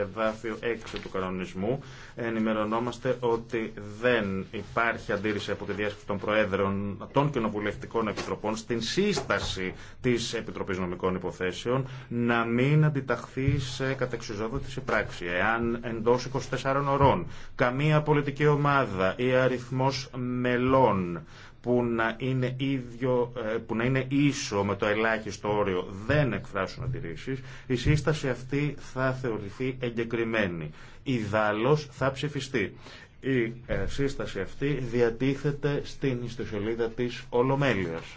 εδάφιο ε, 6 του κανονισμού ενημερωνόμαστε ότι δεν υπάρχει αντίρρηση από τη διάσκεψη των Προέδρων των Κοινοβουλευτικών Επιτροπών στην σύσταση της Επιτροπής Νομικών Υποθέσεων να μην αντιταχθεί σε κατεξιζόδοτηση πράξη. Εάν εντός 24 ωρών καμία πολιτική ομάδα ή αριθμός μελών που να είναι, ίδιο, ε, που να είναι ίσο με το ελάχιστο όριο δεν εκφράσουν αντιρρήσεις, η σύσταση αυτή θα θεωρηθεί εγκεκριμένη. δάλος θα ψηφιστεί. Η ε, σύσταση αυτή διατίθεται στην ιστοσελίδα της Ολομέλειας.